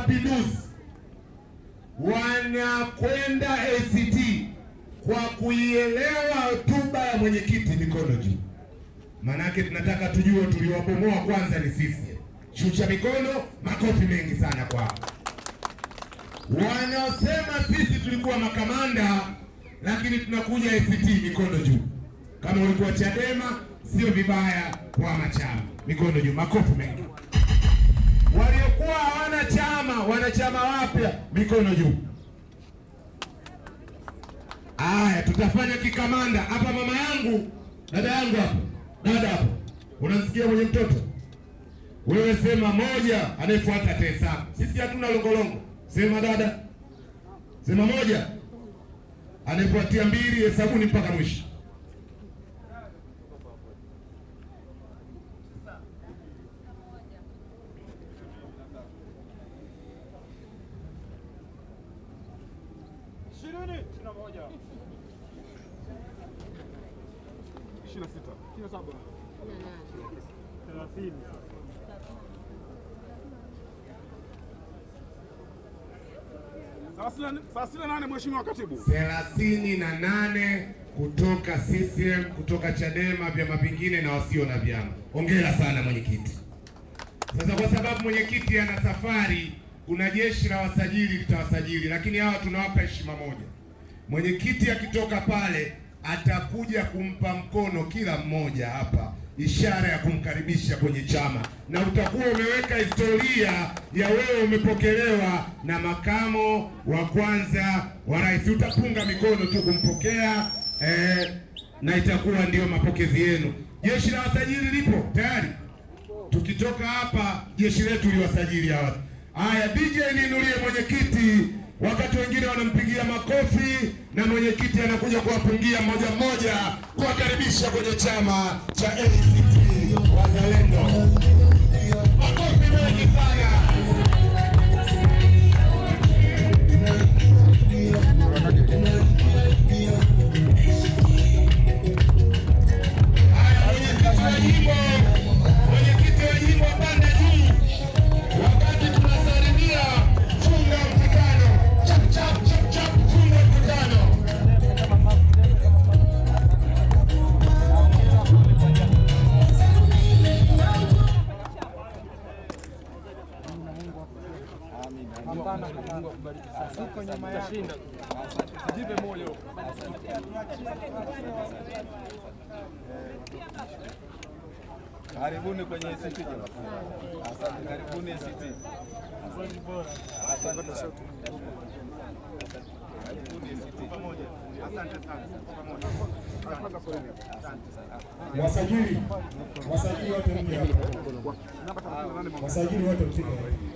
Mapinduzi wanakwenda ACT kwa kuielewa hotuba ya mwenyekiti. Mikono juu, maanake tunataka tujue tuliwabomoa kwanza ni sisi. Shusha mikono, makofi mengi sana kwao wanaosema sisi tulikuwa makamanda lakini tunakuja ACT. Mikono juu kama ulikuwa Chadema, sio vibaya kwa machama. Mikono juu, makofi mengi wanachama wapya, mikono juu. Aya, tutafanya kikamanda hapa. Mama yangu, dada yangu hapo, dada hapo, unamsikia mwenye mtoto wewe, sema moja, anayefuata tesa. Sisi hatuna longolongo, sema dada, sema moja, anayefuatia mbili, hesabuni mpaka mwisho. ishirini na sita ishirini na saba thelathini thelathini na nane Mheshimiwa Katibu, thelathini na nane kutoka CCM kutoka Chadema, vyama vingine na wasio na vyama. Hongera sana mwenyekiti. Sasa kwa sababu mwenyekiti ana safari kuna jeshi la wasajili litawasajili, lakini hawa tunawapa heshima moja. Mwenyekiti akitoka pale atakuja kumpa mkono kila mmoja hapa, ishara ya kumkaribisha kwenye chama, na utakuwa umeweka historia ya wewe umepokelewa na makamo wa kwanza wa rais. Utapunga mikono tu kumpokea eh, na itakuwa ndiyo mapokezi yenu. Jeshi la wasajili lipo tayari, tukitoka hapa jeshi letu liwasajili hawa. Haya, DJ niinulie mwenyekiti, wakati wengine wanampigia makofi na mwenyekiti anakuja kuwapungia moja mmoja, kuwakaribisha kwenye chama cha ACT Wazalendo. Makofi mengi sana. Tuko nyuma yako. Jipe moyo. Karibuni kwenye ACT jamani. Asante, karibuni ACT. Asante Asante sana. Wasajili, wasajili wote mpya. Wasajili wote mpya.